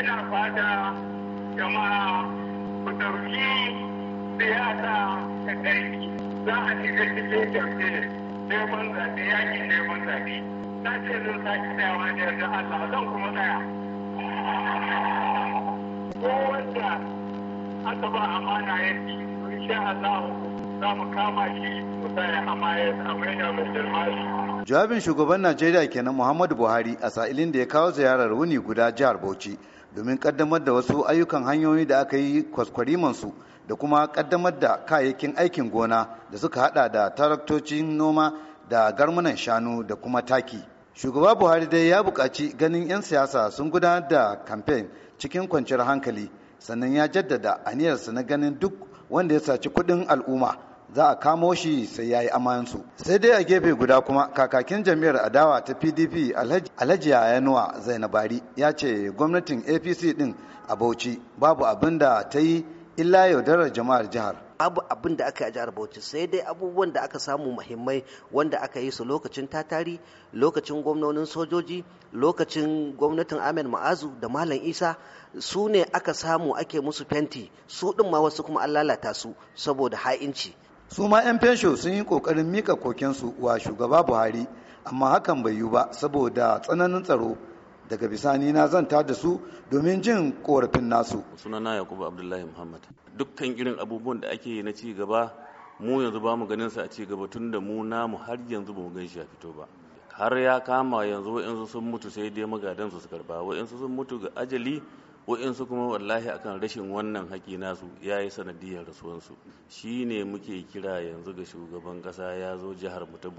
ina fata jama'a ku ɗauki siyasa da ƙarfi za a da cikin jam'iyyar neman zaɓe yakin neman zaɓe na ce zan sake tsayawa da yarda Allah zan kuma tsaya ko wanda aka ba amana ya ci a Allah za mu kama shi mu tsaya amma ya amai da mai jirma Jawabin shugaban Najeriya kenan Muhammadu Buhari a sa'ilin da ya kawo ziyarar wuni guda jihar Bauchi. domin kaddamar da wasu ayyukan hanyoyi da aka yi kwaskwarimansu da kuma kaddamar da kayayyakin aikin gona da suka hada da taraktocin noma da garmunan shanu da kuma taki shugaba buhari dai ya buƙaci ganin 'yan siyasa sun gudanar da kamfen cikin kwanciyar hankali sannan ya jaddada aniyarsa na ganin duk wanda ya saci kuɗin al'umma za a kamo shi sai ya yi amansu sai dai a gefe guda kuma kakakin jami'ar adawa ta pdp alhaji yanuwa zainabari ya ce gwamnatin apc din a bauchi babu abin da ta yi illa yaudarar jama'ar jihar babu abin da aka yi a jihar Bauchi sai dai abubuwan da aka samu muhimmai wanda aka yi su lokacin tatari lokacin gwamnonin sojoji lokacin gwamnatin Ahmed Ma'azu da Malam Isa su ne aka samu ake musu fenti su din ma wasu kuma an lalata su saboda ha'inci su ma 'yan fensho sun yi kokarin mika kokensu wa shugaba buhari amma hakan bai yiwu ba saboda tsananin tsaro daga bisani na zanta da su domin jin korafin nasu sunana yakubu abdullahi muhammad dukkan irin abubuwan da ake na ci gaba mu yanzu ba mu ganin sa a ci gaba tun da mu namu har yanzu ba mu gan shi a fito ba har ya kama yanzu wa'yansu sun mutu sai dai magadan su karba wa'yansu sun mutu ga ajali wa'insu kuma wallahi akan rashin wannan haƙi nasu ya yi sanadiyar rasuwansu shi ne muke kira yanzu ga shugaban ƙasa ya zo jihar mu ta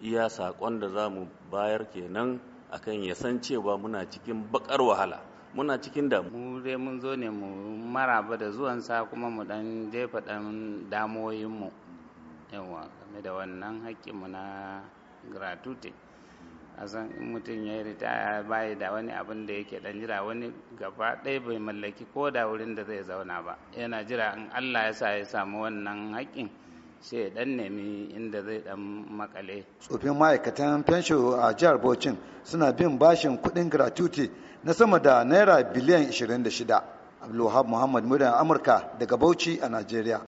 iya saƙon da za mu bayar kenan akan ya san cewa muna cikin baƙar wahala muna cikin da mu dai mun zo ne mu maraba da zuwan sa kuma mu dan jefa dan damoyinmu yawa game da wannan haƙƙinmu na gratuity a san in mutum ya yi ritaya baya da wani abin da yake dan jira wani gaba ɗaya bai mallaki ko da wurin da zai zauna ba yana jira in allah ya sa ya samu wannan haƙƙin sai ya dan nemi inda zai dan makale tsofin ma'aikatan fensho a jihar bocin suna bin bashin kuɗin gratuity na sama da naira biliyan 26 abdulwahab muhammad Muryar amurka daga bauchi a najeriya